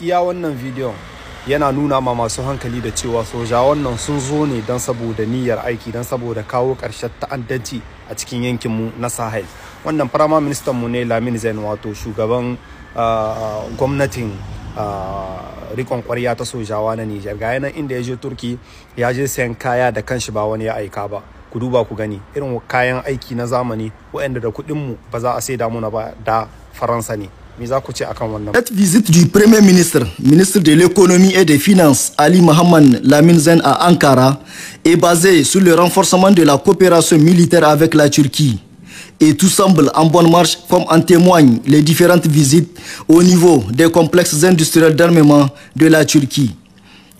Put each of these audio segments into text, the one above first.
iya wannan bidiyon yana nuna ma masu hankali da cewa sojawan wannan sun zo ne don saboda niyyar aiki don saboda kawo ƙarshen ta'addanci a cikin yankinmu na sahel wannan firama ministan mu ne lamin zain wato shugaban ah, gwamnatin ah, rikon kwarya ta sojawa na nijar ga nan inda ya je turki ya je sayan kaya da kanshi ba wani ya aika ba ku duba ku gani irin kayan aiki na zamani waɗanda da kuɗinmu ba za a saida muna ba da faransa ne cette visite du premier ministre ministre de l'économie et des finances Ali Mohamed Laminzen à Ankara est basée sur le renforcement de la coopération militaire avec la Turquie et tout semble en bonne marche comme en témoignent les différentes visites au niveau des complexes industriels d'armement de la Turquie.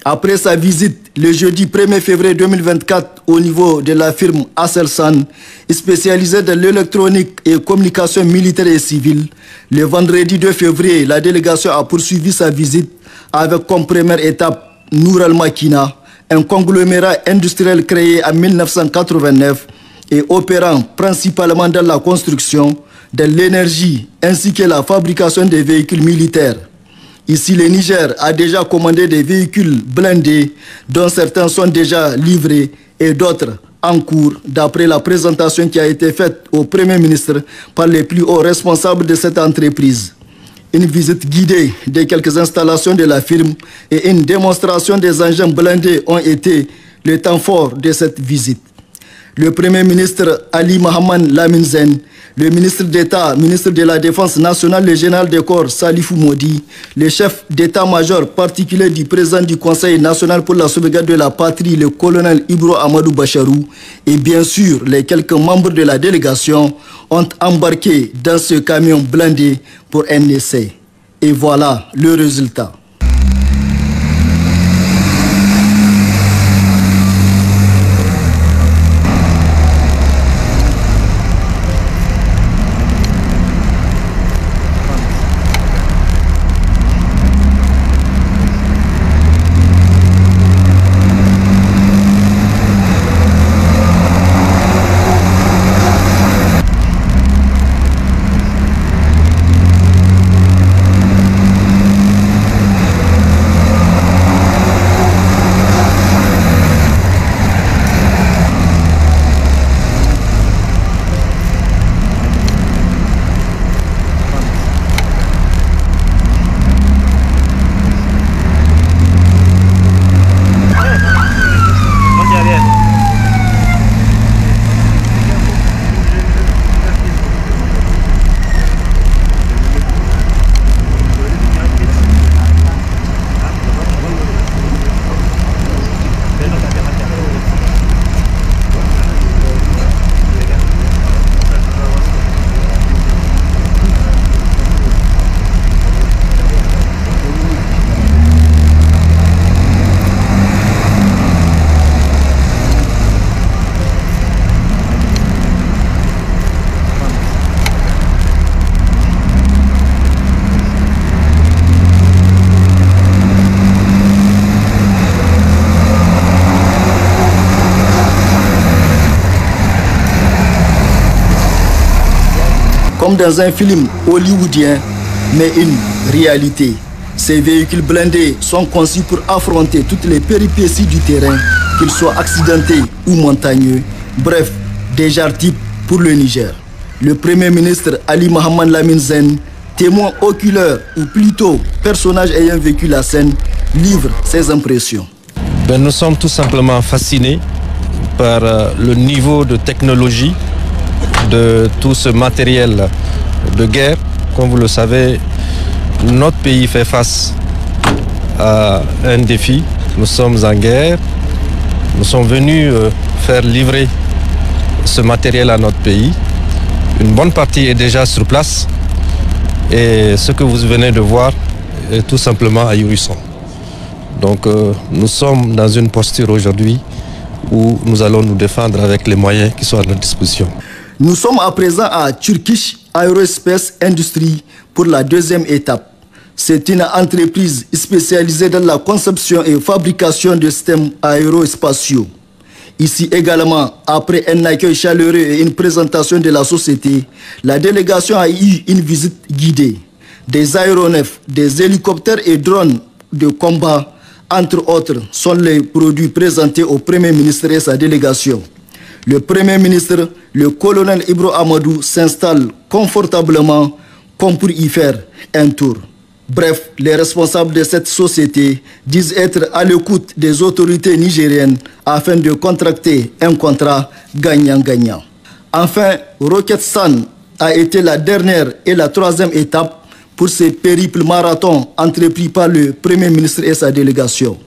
Après sa visite le jeudi 1er février 2024 au niveau de la firme Aselsan, spécialisée dans l'électronique et communication militaire et civile, le vendredi 2 février, la délégation a poursuivi sa visite avec comme première étape Nour Makina, un conglomérat industriel créé en 1989 et opérant principalement dans la construction, de l'énergie ainsi que la fabrication des véhicules militaires. Ici, le Niger a déjà commandé des véhicules blindés, dont certains sont déjà livrés et d'autres en cours, d'après la présentation qui a été faite au Premier ministre par les plus hauts responsables de cette entreprise. Une visite guidée de quelques installations de la firme et une démonstration des engins blindés ont été le temps fort de cette visite le Premier ministre Ali Mohamed Laminzen, le ministre d'État, ministre de la Défense nationale, le général de corps Salifou Modi, le chef d'État-major particulier du président du Conseil national pour la sauvegarde de la patrie, le colonel Ibro Amadou Bacharou, et bien sûr les quelques membres de la délégation ont embarqué dans ce camion blindé pour un essai. Et voilà le résultat. dans un film hollywoodien, mais une réalité. Ces véhicules blindés sont conçus pour affronter toutes les péripéties du terrain, qu'ils soient accidentés ou montagneux. Bref, déjà type pour le Niger. Le Premier ministre Ali Mohamed Lamine Zen, témoin oculaire ou plutôt personnage ayant vécu la scène, livre ses impressions. Ben, nous sommes tout simplement fascinés par euh, le niveau de technologie de tout ce matériel de guerre. Comme vous le savez, notre pays fait face à un défi. Nous sommes en guerre. Nous sommes venus euh, faire livrer ce matériel à notre pays. Une bonne partie est déjà sur place. Et ce que vous venez de voir est tout simplement ahurissant. Donc euh, nous sommes dans une posture aujourd'hui où nous allons nous défendre avec les moyens qui sont à notre disposition. Nous sommes à présent à Turkish Aerospace Industry pour la deuxième étape. C'est une entreprise spécialisée dans la conception et fabrication de systèmes aérospatiaux. Ici également, après un accueil chaleureux et une présentation de la société, la délégation a eu une visite guidée. Des aéronefs, des hélicoptères et drones de combat, entre autres, sont les produits présentés au Premier ministre et sa délégation. Le Premier ministre le colonel Ibro Amadou s'installe confortablement comme pour y faire un tour. Bref, les responsables de cette société disent être à l'écoute des autorités nigériennes afin de contracter un contrat gagnant-gagnant. Enfin, Rocket Sun a été la dernière et la troisième étape pour ce périple marathon entrepris par le Premier ministre et sa délégation.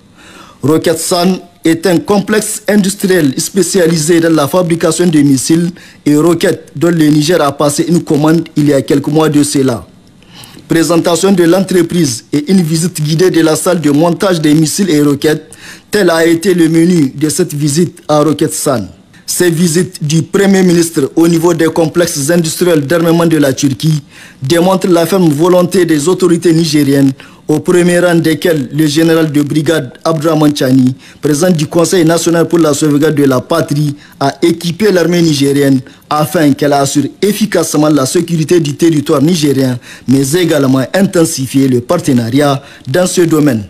Rocket Sun est un complexe industriel spécialisé dans la fabrication de missiles et roquettes dont le Niger a passé une commande il y a quelques mois de cela. Présentation de l'entreprise et une visite guidée de la salle de montage des missiles et roquettes, tel a été le menu de cette visite à Roquette-San. Ces visites du Premier ministre au niveau des complexes industriels d'armement de la Turquie démontrent la ferme volonté des autorités nigériennes au premier rang desquels le général de brigade Abdraman Chani, président du Conseil national pour la sauvegarde de la patrie, a équipé l'armée nigérienne afin qu'elle assure efficacement la sécurité du territoire nigérien, mais également intensifier le partenariat dans ce domaine.